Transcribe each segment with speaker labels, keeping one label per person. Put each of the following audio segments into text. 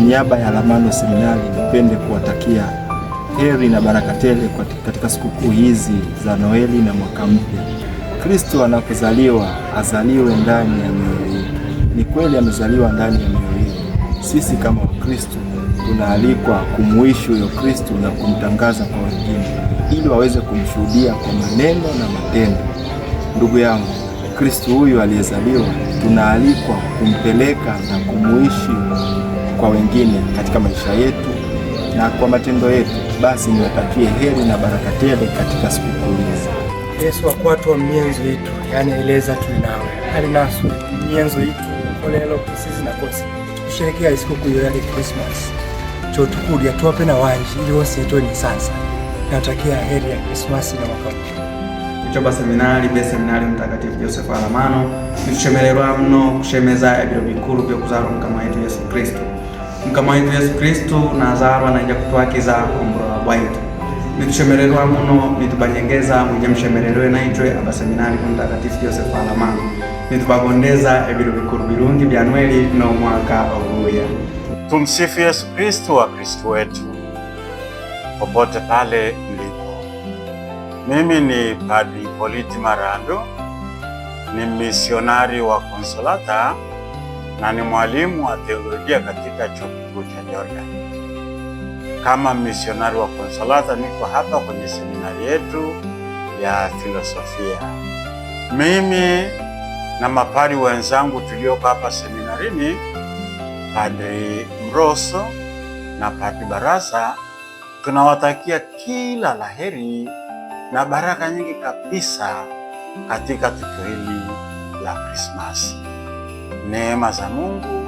Speaker 1: niaba ya Lamano Seminari, nipende kuwatakia heri na baraka tele katika sikukuu hizi za Noeli na mwaka mpya. Kristo anapozaliwa azaliwe ndani ya mioyo yetu. Ni kweli amezaliwa ndani ya mioyo yetu. Sisi kama Wakristo tunaalikwa kumuishi huyo Kristo na kumtangaza kwa wengine, ili waweze kumshuhudia kwa maneno na matendo. Ndugu yangu Kristo huyu aliyezaliwa, tunaalikwa kumpeleka na kumuishi kwa wengine katika maisha yetu na kwa matendo yetu. Basi niwatakie heri na baraka tele katika sikukuu hizi.
Speaker 2: Yesu wa mienzo yetu yanaeleza tunawe alinasu mienzo yetu olelo kusizi na kosi tusherekea sikukuu ya yaani Christmas chotukulya tuwape na wanji ili wose ni sansa natakia heri ya Christmas na mwaka mpya
Speaker 3: kuchoba Seminari be Seminari Mtakatifu Joseph Alamano nitushemererwa mno kushemeza ibiro bikuru vya kuzarwa mukama wetu Yesu Kristu mkama wetu Yesu Kristu nazarwa naija kutwakiza ombura bwaitu nitushemelerwa muno nitubanyengeza mwije mshemererwe aba abaseminari mtakatifu Joseph Alamano nitubagondeza ibiro bikuru birungi bya Noeli no mwaka oguya.
Speaker 4: Tumsifu Yesu Kristu wa Kristu wetu popote pale mimi ni Padri Politi Marando, ni misionari wa Konsolata na ni mwalimu wa teolojia katika chuo kikuu cha Jordan. Kama misionari wa Konsolata, niko hapa kwenye seminari yetu ya filosofia. Mimi na mapari wenzangu tulioko hapa seminarini, Padri Mroso na Padri Barasa, tunawatakia kila laheri na baraka nyingi kabisa katika tukio hili la Krismasi. Neema za Mungu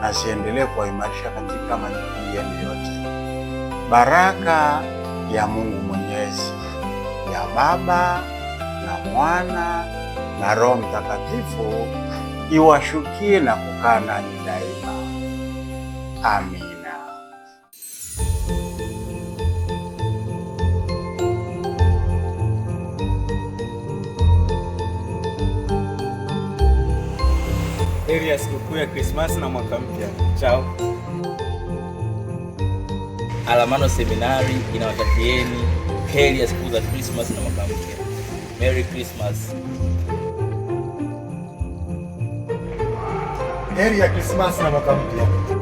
Speaker 4: na ziendelee kuwaimarisha katika majukumu yenu yote. Baraka ya Mungu Mwenyezi ya Baba na Mwana na Roho Mtakatifu iwashukie na kukaa nanyi daima. Amin.
Speaker 5: heri ya sikukuu ya Krismasi na mwaka mpya. Chao.
Speaker 6: Alamano Seminari inawatakieni heri ya sikukuu za Krismasi na mwaka mpya. Merry Christmas.
Speaker 7: Heri ya Krismasi na mwaka mpya.